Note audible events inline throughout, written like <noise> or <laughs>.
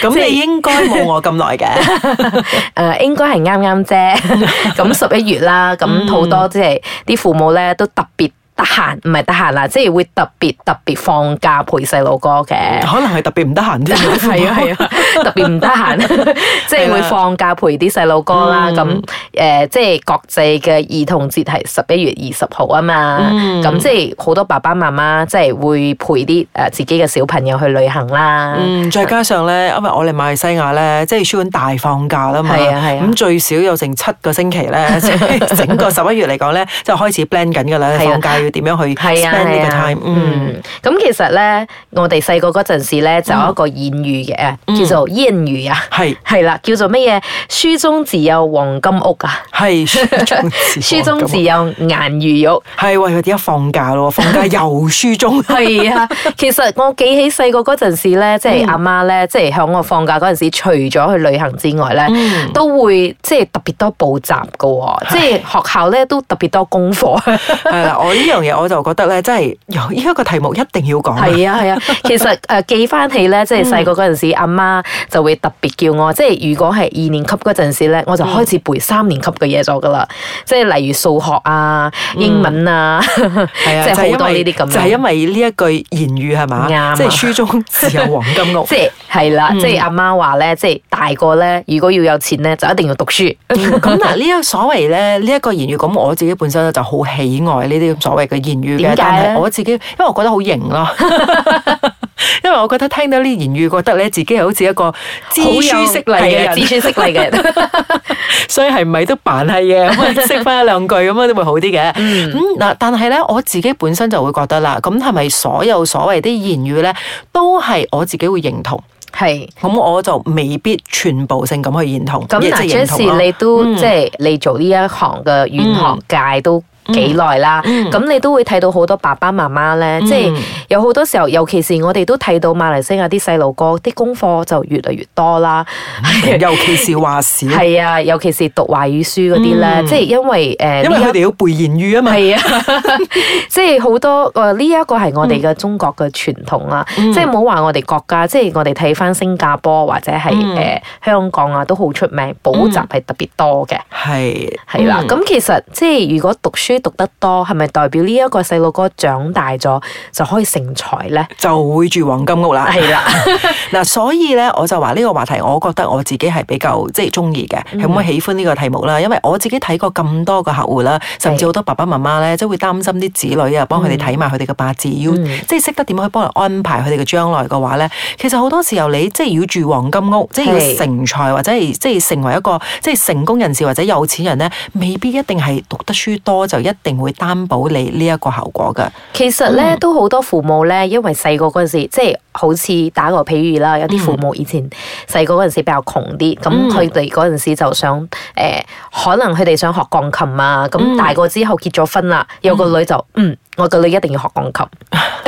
咁 <laughs> 你應該冇我咁耐嘅，誒，應該係啱啱啫。咁十一月啦，咁好多即係啲父母咧都特別。得閒唔係得閒啦，即係會特別特別放假陪細路哥嘅。可能係特別唔得閒啫。係啊係啊，特別唔得閒，即係會放假陪啲細路哥啦。咁誒，即係國際嘅兒童節係十一月二十號啊嘛。咁即係好多爸爸媽媽即係會陪啲誒自己嘅小朋友去旅行啦。嗯，再加上咧，因為我哋馬來西亞咧，即係書館大放假啦嘛。係啊係啊，咁最少有成七個星期咧，整個十一月嚟講咧，就開始 plan 緊噶啦，放假。要點樣去 spend 呢個 time？嗯，咁其實咧，我哋細個嗰陣時咧，就有一個諺語嘅，叫做諺語啊，係係啦，叫做乜嘢？書中自有黃金屋啊，係書中自有顏如玉。係佢點解放假咯，放假又書中。係啊，其實我記起細個嗰陣時咧，即係阿媽咧，即係響我放假嗰陣時，除咗去旅行之外咧，都會即係特別多補習噶喎，即係學校咧都特別多功課。係啦，我呢樣嘢，我就覺得咧，真係由呢一個題目一定要講。係啊係啊，其實誒記翻起咧，即係細個嗰陣時，阿媽就會特別叫我，即係如果係二年級嗰陣時咧，我就開始背三年級嘅嘢咗噶啦。即係例如數學啊、英文啊，係啊，即係好多呢啲咁。就係因為呢一句言語係嘛，即係書中自有黃金屋。即係係啦，即係阿媽話咧，即係大個咧，如果要有錢咧，就一定要讀書。咁啊，呢一所謂咧，呢一個言語，咁我自己本身咧就好喜愛呢啲所謂。嘅言語，但係我自己，因為我覺得好型咯， <laughs> 因為我覺得聽到呢啲言語，覺得咧自己係好似一個好知書識禮嘅，知書識禮嘅，所以係唔係都扮下嘅？識翻一兩句咁樣都會好啲嘅。咁嗱、嗯嗯，但係咧我自己本身就會覺得啦，咁係咪所有所謂啲言語咧，都係我自己會認同？係是，咁我就未必全部性咁去認同。咁嗱 j e s,、嗯 S, 嗯、你都即係、嗯、你做呢一行嘅玄學界都。嗯嗯幾耐啦？咁你都會睇到好多爸爸媽媽咧，即係有好多時候，尤其是我哋都睇到馬來西亞啲細路哥啲功課就越嚟越多啦。尤其是話事，係啊，尤其是讀華語書嗰啲咧，即係因為誒，因為佢哋要背言語啊嘛。係啊，即係好多誒，呢一個係我哋嘅中國嘅傳統啊，即係冇話我哋國家，即係我哋睇翻新加坡或者係誒香港啊，都好出名補習係特別多嘅。係係啦，咁其實即係如果讀書。讀得多係咪代表呢一個細路哥長大咗就可以成才咧？就會住黃金屋啦，係啦嗱，所以咧我就話呢個話題，我覺得我自己係比較即係中意嘅，係咪喜歡呢、嗯、個題目啦？因為我自己睇過咁多個客戶啦，甚至好多爸爸媽媽咧，即係會擔心啲子女啊，幫佢哋睇埋佢哋嘅八字，嗯、要、嗯、即係識得點樣去幫佢安排佢哋嘅將來嘅話咧，其實好多時候你即係要住黃金屋，即係、嗯、要成才或者係即係成為一個即係成功人士或者有錢人咧，未必一定係讀得書多就。一定會擔保你呢一個效果嘅。其實咧都好多父母咧，因為細個嗰陣時，時，即係好似打個譬如啦，有啲父母以前細個嗰陣時，時比較窮啲，咁佢哋嗰陣時就想誒、呃，可能佢哋想學鋼琴啊，咁大個之後結咗婚啦，嗯、有個女就嗯。嗯我個女一定要學鋼琴，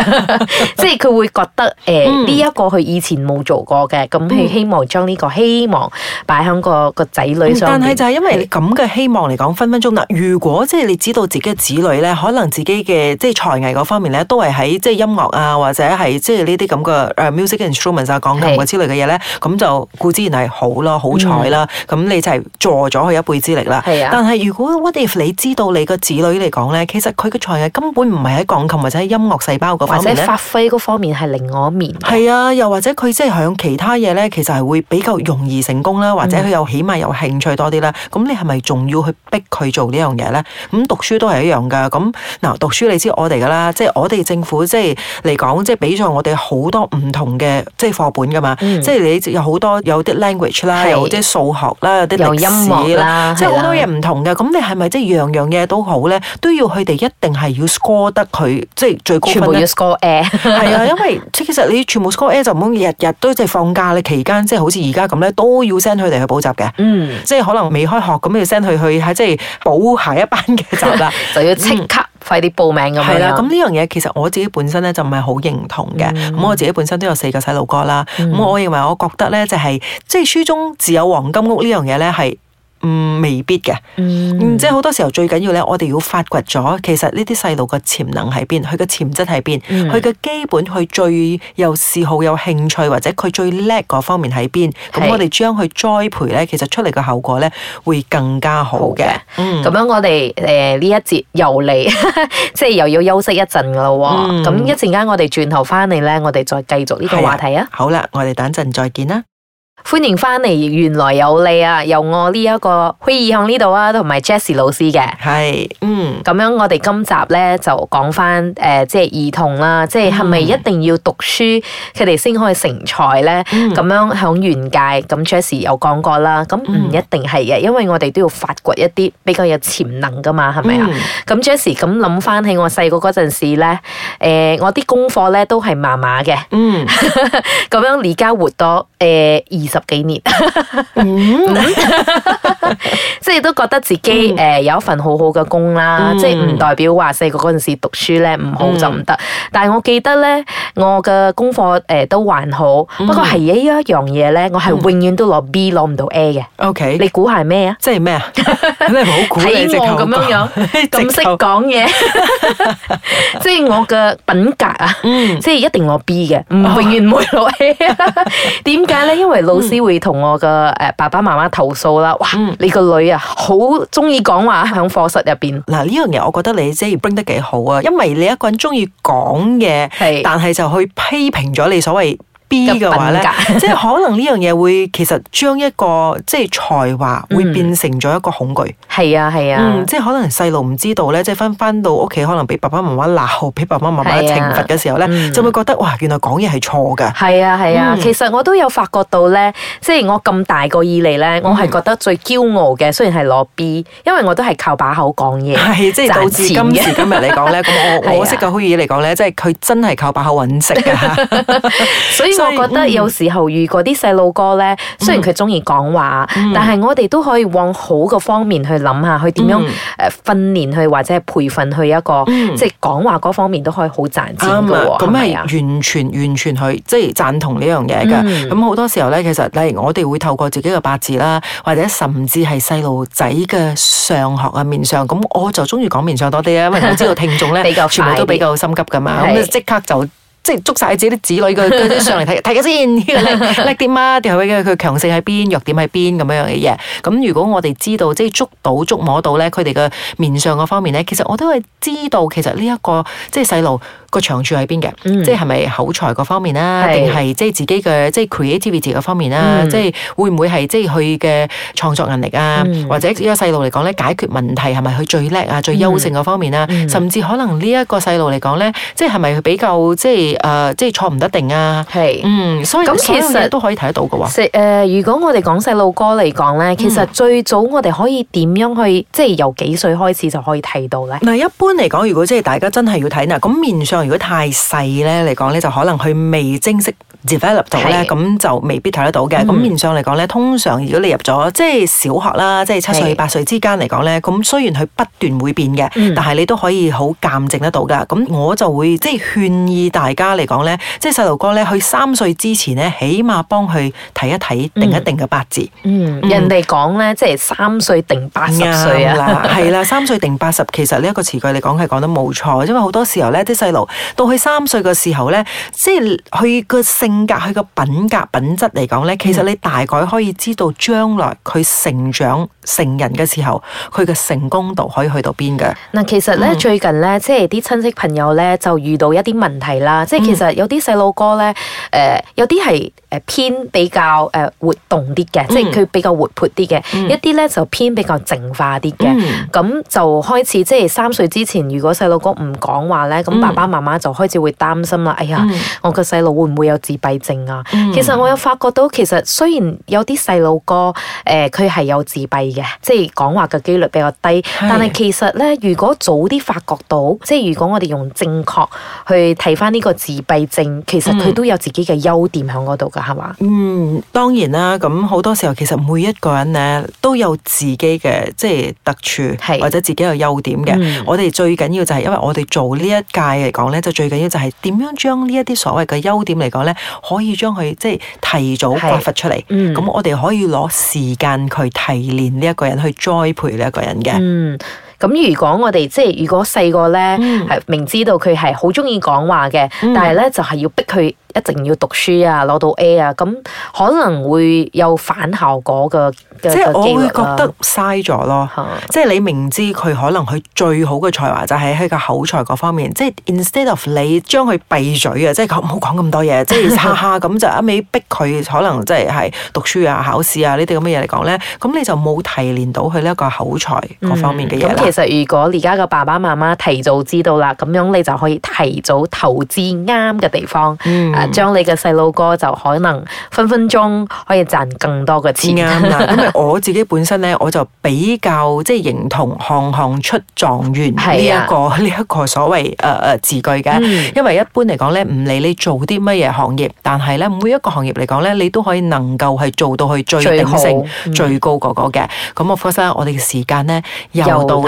<laughs> 即係佢會覺得誒呢一個佢以前冇做過嘅，咁佢希望將呢個希望擺喺個個仔女上，嗯。但係就係因為咁嘅希望嚟講，分是分鐘啦。如果即係你知道自己嘅子女咧，可能自己嘅即係才，才藝嗰方面咧，都係喺即係音樂啊，或者係即係呢啲、啊、咁嘅 music instruments 啊、鋼琴啊之類嘅嘢咧，咁是就固之然係好咯，好彩啦。咁、嗯、你就係助咗佢一輩之力啦。係啊。但係如果 what if 你知道你個子女嚟講咧，其實佢嘅才藝根本唔～唔係喺鋼琴或者喺音樂細胞嗰方面，或者發揮嗰方面係另一面。係啊，又或者佢即係響其他嘢咧，其實係會比較容易成功啦，或者佢又起碼有興趣多啲啦。咁、嗯、你係咪仲要去逼佢做呢樣嘢咧？咁、嗯、讀書都係一樣噶。咁嗱，讀書你知我哋噶啦，即係我哋政府即係嚟講，即係俾咗我哋好多唔同嘅即係課本噶嘛。嗯、即係你有好多有啲 language 啦，有啲是數學啦，有啲音樂啦，即係使好的多嘢唔同嘅。咁你係咪即係樣樣嘢都好咧？都要佢哋一定係要 score。覺得佢即係最高分全部要 score A，i r 係啊， <laughs> 因為即其實你全部 score A 就唔好日日都即係放假你期間即係好似而家咁咧，都要 send 佢哋去補習嘅，嗯，即係可能未開學咁要 send 佢去，喺即係補下一班嘅習啦， <laughs> 就要即刻快啲報名咁、嗯、樣。係啦，咁呢樣嘢其實我自己本身咧就唔係好認同嘅，咁、嗯嗯、我自己本身都有四個細路哥啦，咁、嗯嗯、我認為我覺得咧就係、是、即係書中自有黃金屋呢樣嘢咧係。嗯、未必嘅。嗯、即係好多時候最緊要咧，我哋要發掘咗其實呢啲細路嘅潛能喺邊，佢嘅潛質喺邊，佢嘅、嗯、基本，佢最有嗜好、有興趣或者佢最叻嗰方面喺邊，咁是我哋將佢栽培咧，其實出嚟嘅效果咧會更加好嘅。咁的、嗯、樣我哋誒呢一節又嚟，即 <laughs> 係又要休息一陣噶啦喎。咁、嗯、一陣間我哋轉頭返嚟咧，我哋再繼續呢個話題啊。好啦，我哋等陣再見啦。歡迎翻嚟，玄來有理啊！由我呢一個虛擬向呢度啊，同埋 Jessie 老師嘅，係，嗯，咁樣我哋今集咧就講翻，誒，即係兒童啦，即係係咪一定要讀書，佢哋先可以成才咧？咁樣響原界，咁 Jessie 有講過啦，咁唔一定係嘅，因為我哋都要發掘一啲比較有潛能噶嘛，係咪啊？咁 Jessie 咁諗翻起我細個嗰陣時咧，誒，我啲功課咧都係麻麻嘅，嗯，咁樣而家活多，誒，而十幾年， <laughs> 即係都覺得自己誒有一份好好嘅工啦，嗯、即係唔代表話細個嗰陣時讀書咧唔好就唔得。嗯、但係我記得咧，我嘅功課誒都還好，嗯、不過係呢一樣嘢咧，我係永遠都攞 B，攞唔到 A 嘅。O Okay , K，你估係咩啊？即係咩啊？你唔好估你咁樣，咁識講嘢， <laughs> 即係我嘅品格啊，嗯、即係一定攞 B 嘅，唔、嗯、永遠唔會攞 A。點解咧？因為老師、嗯、會同我嘅誒爸爸媽媽投訴啦！哇，嗯、你個女啊好中意講話，喺課室入邊。嗱，呢樣嘢，我覺得你即係要 bring 得幾好啊，因為你一個人中意講嘢，是但係就去批評咗你所謂。B 嘅話咧，即係可能呢樣嘢會，其實將一個即係才華會變成咗一個恐懼。係啊係啊，嗯，即係可能細路唔知道咧，即係翻翻到屋企，可能俾爸爸媽媽鬧，俾爸爸媽媽懲罰嘅時候咧，就會覺得哇，原來講嘢係錯噶。係啊係啊，其實我都有發覺到咧，即係我咁大個以嚟咧，我係覺得最驕傲嘅，雖然係攞 B，因為我都係靠把口講嘢，即係導致今時今日嚟講咧，咁我我識嘅虛爾嚟講咧，即係佢真係靠把口搵食㗎，所以。所以我覺得有時候遇過啲細路哥咧，雖然佢中意講話，嗯、但係我哋都可以往好個方面去諗下，去點樣誒訓練佢或者係培訓佢一個、嗯、即係講話嗰方面都可以好賺錢咁係對完全完全去即係贊同呢樣嘢噶。咁好、嗯、多時候咧，其實例如我哋會透過自己嘅八字啦，或者甚至係細路仔嘅上學啊、面相咁，我就中意講面相多啲啊，因為我知道聽眾咧， <laughs> 比較快 全部都比較心急噶嘛，咁即的是刻就。即係捉晒自己啲子女嘅， <laughs> 上嚟睇睇下先，叻啲啊？定係佢強勢喺邊，弱點喺邊咁樣嘅嘢？咁如果我哋知道，即係捉到、捉摸到咧，佢哋嘅面相嘅方面咧，其實我都係知道，其實呢、這、一個即係細路個長處喺邊嘅，即係係咪口才嗰方面啦，定係、嗯、即係自己嘅即係 creativity 嗰方面啦？即係會唔會係即係佢嘅創作能力啊？嗯、或者呢個細路嚟講咧，解決問題係咪佢最叻啊、最優勝嗰方面啊？嗯嗯、甚至可能呢一個細路嚟講咧，即係係咪佢比較即係？誒、呃，即係錯唔得定啊？係是，嗯，所以其實所有嘢都可以睇得到嘅話，如果我哋講細路哥嚟講咧，嗯、其實最早我哋可以點樣去，即係由幾歲開始就可以睇到咧？嗱，一般嚟講，如果即係大家真係要睇嗱，咁面上如果太細咧嚟講咧，就可能佢未正式 develop 到咧是，咁就未必睇得到嘅。咁是面上嚟講咧，通常如果你入咗即係小學啦，即係七歲是八歲之間嚟講咧，咁雖然佢不斷會變嘅，是但係你都可以好鑑證得到嘅。咁我就會即係勸喻大家。家嚟講咧，即係細路哥咧，佢三歲之前咧，起碼幫佢睇一睇、定一定嘅八字。嗯，人哋講咧，即係三歲定八十歲啊，係啦， <laughs> 三歲定八十，其實呢一個詞句嚟講係講得冇錯，因為好多時候咧，啲細路到佢三歲嘅時候咧，即係佢個性格、佢個品格、品質嚟講咧，其實你大概可以知道將來佢成長成人嘅時候，佢嘅成功度可以去到邊嘅。嗱，其實咧最近咧，即係啲親戚朋友咧就遇到一啲問題啦。即係其實有啲細路哥咧，誒有啲係，偏比較誒活動啲嘅，嗯、即係佢比較活潑啲嘅。嗯、一啲咧就偏比較靜化啲嘅。咁、嗯、就開始即係三歲之前，如果細路哥唔講話咧，咁、嗯、爸爸媽媽就開始會擔心啦。哎呀，嗯、我個細路會唔會有自閉症啊？嗯、其實我有發覺到，其實雖然有啲細路哥誒，佢、呃、係有自閉嘅，即、就、係、是、講話嘅機率比較低。嗯、但係其實咧，如果早啲發覺到，即係如果我哋用正確去睇返呢個自閉症，其實佢都有自己嘅優點喺嗰度㗎。係嘛？嗯，當然啦。咁好多時候，其實每一個人咧都有自己嘅即係特處，或者自己有優點嘅。是我哋最緊要就係，因為我哋做呢一屆嚟講咧，就最緊要就係點樣將呢一啲所謂嘅優點嚟講咧，可以將佢即係提早發掘出嚟。咁、嗯、我哋可以攞時間去提煉呢一個人，去栽培呢一個人嘅。嗯咁如果我哋即係如果細個咧係明知道佢係好中意講話嘅，嗯、但係咧就係要逼佢一定要讀書啊、攞到 A 啊，咁可能會有反效果嘅。即係我會覺得嘥咗咯。嗯、即係你明知佢可能佢最好嘅才華就係喺個口才嗰方面。嗯、即係 instead of 你將佢閉嘴啊， <laughs> 即係唔好講咁多嘢，即係哈哈，咁就一味逼佢，可能即係係讀書啊、考試啊呢啲咁嘅嘢嚟講咧，咁你就冇提煉到佢呢一個口才各方面嘅嘢。啦、嗯。 <laughs> 其實如果而家嘅爸爸媽媽提早知道啦，咁樣你就可以提早投資啱嘅地方，啊、嗯，將你嘅細路哥就可能分分鐘可以賺更多嘅錢。啱啦、嗯， <laughs> 因為我自己本身咧，我就比較即係認同行行出狀元呢一、啊這個呢一、這個所謂誒誒、呃、字句嘅，嗯、因為一般嚟講咧，唔理你做啲乜嘢行業，但係咧每一個行業嚟講咧，你都可以能夠係做到去最頂盛最，嗯、最高嗰個嘅。咁我 Professor 我哋嘅時間咧又到。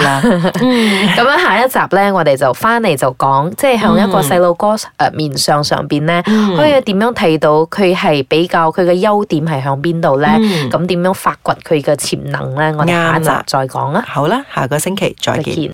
咁 <laughs> 下一集咧，我哋就返嚟就講，即係向一個細路哥面相上上邊咧， <noise> 可以點樣睇到佢係比較佢嘅優點係向邊度咧？咁點 <noise> 樣發掘佢嘅潛能呢？我哋下一集再講啦。好啦，嗯，下個星期再見。